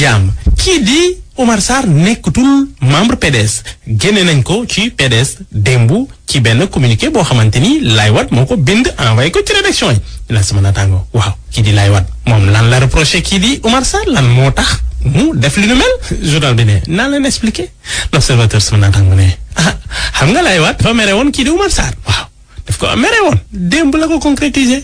jàmm kii di Omar Sarr nekkatul membre PDS génne nañ ko ci PDS démb ci benn communiqué boo xamante ni Laye Wade moo ko bind envoyé ko ci rédaction yi la sama naataango waaw kii di Laye Wade moom lan la reproché kii di Omar Sarr lan moo tax mu def li nu mel journal bi ne naan leen expliqué l'observateur sama naataango ne ah xam nga Laye Wade dafa mere woon kii di Omar Sarr waaw daf ko mere woon démb la ko concrétiser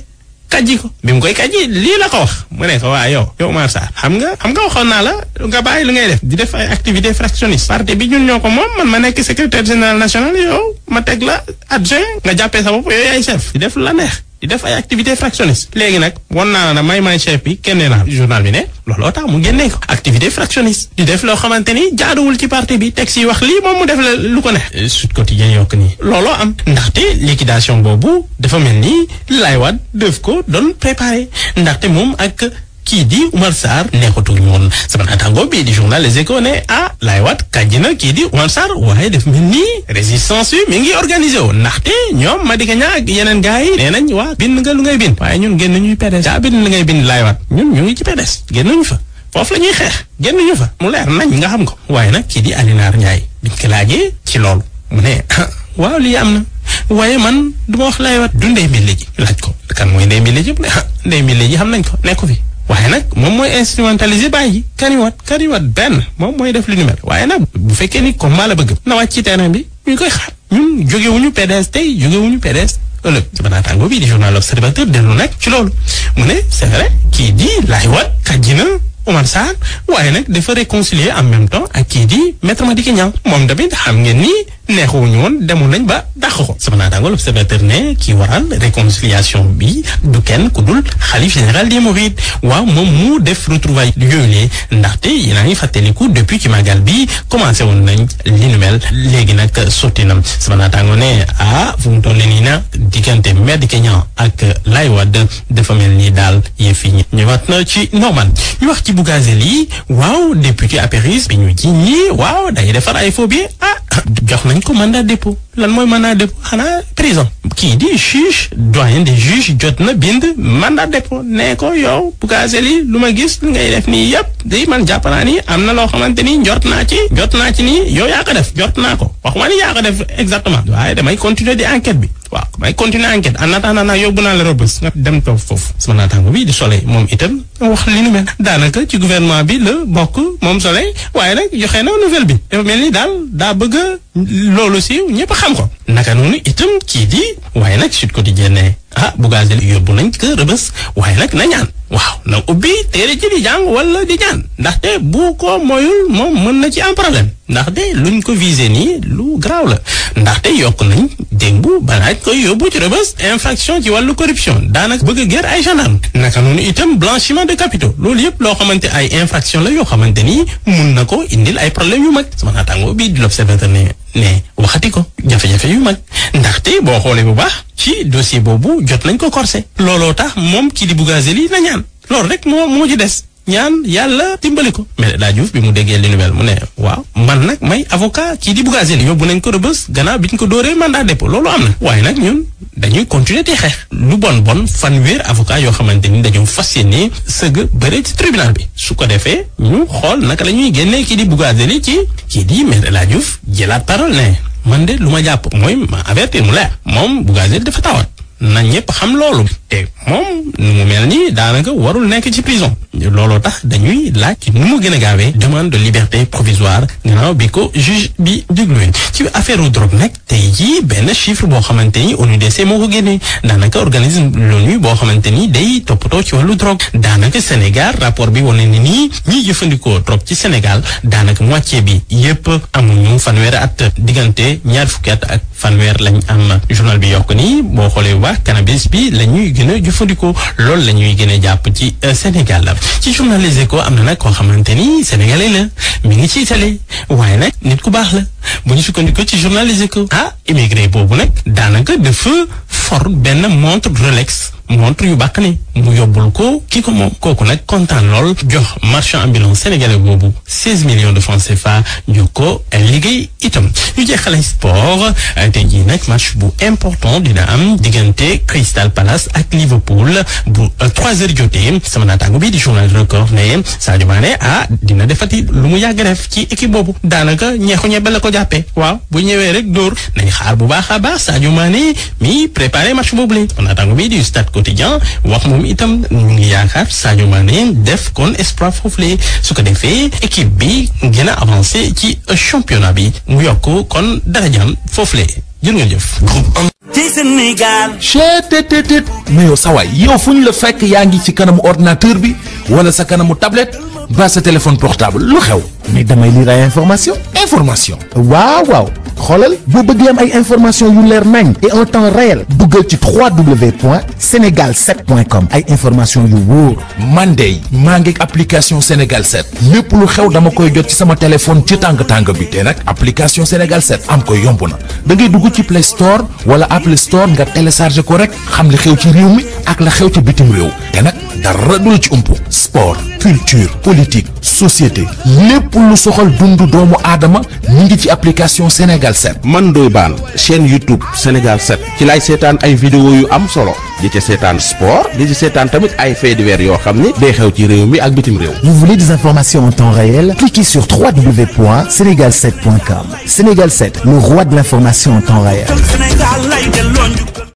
kaji ko bi mu koy kàjji lii la ko wax mu ne ko waa yow yow Omar Sarr xam nga xam nga waxoon naa la nga bàyyi lu ngay def di def activité fractionniste parti bi ñun ñoo ko moom man ma nekk secrétaire général national yow ma teg la adjoint nga jàppee sa bopp yow yaay chef di def la neex di def ay activité fractionniste léegi nag wan naa na may may chef bi kenn naa journal bi ne looloo tax mu génnee ko activité fractionniste di def loo xamante ni jaaduwul ci parti bi teg si wax lii moom mu def la lu ko neex eh, Sud Quotidien yokk nii looloo am ndaxte liquidation boobu dafa mel ni Laye Wade def ko doon préparé ndaxte moom ak kii di Oumar Sarr neexatul ñoon sama naataango bii di journal Les Échos ne ah laay waat kàjji na kii di Oumar Sarr waaye def mel ni résistance bi mi ngi organisé wu ndaxte ñoom ma Niang ak yeneen gars yi nee nañ waa bind nga lu ngay bind waaye ñun génn ñuy PDS daa bind ngay bind laay waat ñun ñu ngi génn ñu fa foofu la ñuy xeex génn ñu fa mu leer nañ nga xam ko waaye nag kii di Alioune Ndiaye biñ ko laajee ci loolu mu ne ah, waaw lii am na waaye man du ma wax laay waat du ndey mi léegi laaj ko kan mooy ndey mi léegi mu ne ah, ndey mi léegi xam nañ ko nekku fi waaye nag moom mooy instrumentaliser bàyyi kariwat kariwat benn moom mooy def lu ni waaye nag bu fekkee ni combat la bëgg na wàcc ci terrain bi ñu koy xaar ñun jógewuñu PDS tey jógewuñu PDS ëllëg sama naataango bi di journal L'Observateur dellu nag ci loolu mu ne c'est vrai kii di laay wat kàjji na Omar Sarr waaye nag dafa réconcilier en même temps ak kii di maître Madické Niang moom tamit xam ngeen nii neexuñu woon demoon nañ ba dàq ko sama naataango l'observateur ne ki waral réconciliation bi du kenn ku dul xalif général des mourides waaw moom mu def retrouvaille yooyu ne ndaxte yéen a ngi fàttaliku depuis ci màggal bi commencé woon nañ li nu mel léegi nag sotti na sama naataango ne ah fu mu toll nii na diggante Madické Niang ak Laye Wade dafa mel ni daal yëf yi ñëwaat na ci normal ñu wax ci Bougazelli waaw député apéris bi ñu ji ñi waaw day defar ay faux ah jox nañ ko mandat dépôt lan mooy a dépôt xanaa prison kii di juge doyen des juges jot na bind man mandat dépôt nee ko yow Bougazelli lu ma gis ngay def nii yëpp di man jàpp naa ni am na loo xamante ni njort naa ci njort naa ci nii yow yaa ko def njort naa ko wax ma ni yaa ko def exactement waaye damay continuer di enquête bi waaw may continuer enquête en attendant yóbbu naa la Rebeuss nga dem toog foofu sama naataango bi di Soleil moom itam wax li nu mel daanaka ci gouvernement bi la bokk moom Soleil waaye nag joxe na nouvelle bi dafa ni daal daa bëgg loolu si ñëpp xam ko naka noonu itam kii di waaye nag Sud Quotidien ah Bougazelli yóbbu nañ ko Rebeuss waaye nag na ñaan waaw na ubbi téere ji di jàng wala di ñaan ndaxte bu ko moyul moom mën na ci am problème ndaxte luñ ko visé nii lu garaaw la ndaxte yokk nañ démb balaaj koy yóbbu ci rëbës infraction ci wàllu corruption daanaka bëgg a ger ay gendarme naka noonu itam blanchiment de capitaux loolu yëpp loo xamante ay infraction la yoo xamante ni mun na ko indil ay problème yu mag sama naataango bii di l'observateur ne ne waxati ko jafe-jafe yu mag ndaxte boo xoolee bu baax ci dossi boobu jot nañ ko corsé looloo tax moom kii di Bougazelli la ñaan loolu rek moo moo ci des. ñaan yàlla dimbali ko mais daa Diouf bi mu déggee li nu mel mu ne waaw man nag may avocat kii di Bougazelli yóbbu nañ ko rëbës gannaaw bi ñu ko dóoree mandat dépôt loolu am na waaye nag ñun dañuy continuer di xeex lu bon bon fanweer avocat yoo xamante ni dañoo fas yéene sëgg bëre ci tribunal bi su ko defee ñu xool naka la ñuy génnee kii di Bougazelli ci kii di maître El Hadj Diouf jëlaat parole ne man de lu ma jàpp mooy ma avertir mu leer moom Bougazelli dafa tawat na ñëpp xam loolu te moom nu mu mel nii daanaka warul nekk ci prison looloo tax dañuy laaj ci nu mu gën a gaawee demande de liberté provisoire gannaaw bi ko juge bi dégluwee ci affaire drogue nag tey jii benn chiffre boo xamante ni ONUDC moo ko génnee daanaka organisme l'ONU boo xamante ni day toppatoo ci wàllu drogue daanaka Sénégal rapport bi wane ni nii ñiy jëfandikoo drogue ci Sénégal daanaka moitié bi yépp amuñu fanweeri at diggante ñaar fukki at ak fanweer lañ am journal bi yokk nii boo xoolee bu baax cannabis bi lañuy gën a jëfandikoo loolu la ñuy gën a jàpp ci euh, Sénégal la ci journal Les am na nag koo xamante ni sénégalais la mi ngi ci Italie waaye nag nit ku baax la bu ñu sukkandiku ci journal Les Échos ah immigré boobu nag daanaka dafa for benn montre Rolex montre yu bàq ne mu yóbbul ko ki ko moom kooku nag kontaan lool jox marchand ambulant sénégalais boobu 16 millions de francs CFA jox ko liggéey itam ñu jeexale sport te ji nag match bu important dina am diggante Crystal Palace ak Liverpool bu 3 heures jotee sama naataango bi di journal record ne Sadio Mané ah dina defati lu mu yàgg ci équipe boobu daanaka ñeexu ñebe la ko jàppee waaw bu ñëwee rek dóor nañ xaar bu baax a baax Sadio Mané mi préparé match boobu lañ sama naataango itam ñu ngi yaakaar Sadio Mané def kon espoir foofu le su ko defee équipe bi gën a avancé ci championnat bi mu yokk kon darajaam foofu le jërë ngeen ci Sénégal. GTT. mais yow saa waay yow fu ñu la fekk yaa ngi ci kanamu ordinateur bi wala sa kanamu tablette ba sa téléphone portable lu xew. mais damay lire ay information information. waaw waaw. xoolal boo bëgg am ay information yu leer nañ et en temps réel duggal ci wwwsenegal comme ay information yu wóor man de maa ngi application Sénégal 7 lépp lu xew dama koy jot ci sama téléphone ci tàng tàng bi te nag application Sénégal 7 am ko yomb na da ngay dugg ci Play Store wala Apple Store nga télécharge ko rek xam li xew ci réew mi ak la xew ci bitim réew te nag dara du la ci ump sport culture politique société lépp lu soxal dundu doomu aadama mu ngi ci application Sénégal 7 man doy baan chaîne YouTube Sénégal set ci laay seetaan ay vidéo yu am solo di ci seetaan sport di seetaan tamit ay faits weer yoo xam ni day xew ci réew mi ak bitim réew. Vous voulez des informations en temps réel? Cliquez sur www.senegal7.com Sénégal set le roi de l'information en temps réel.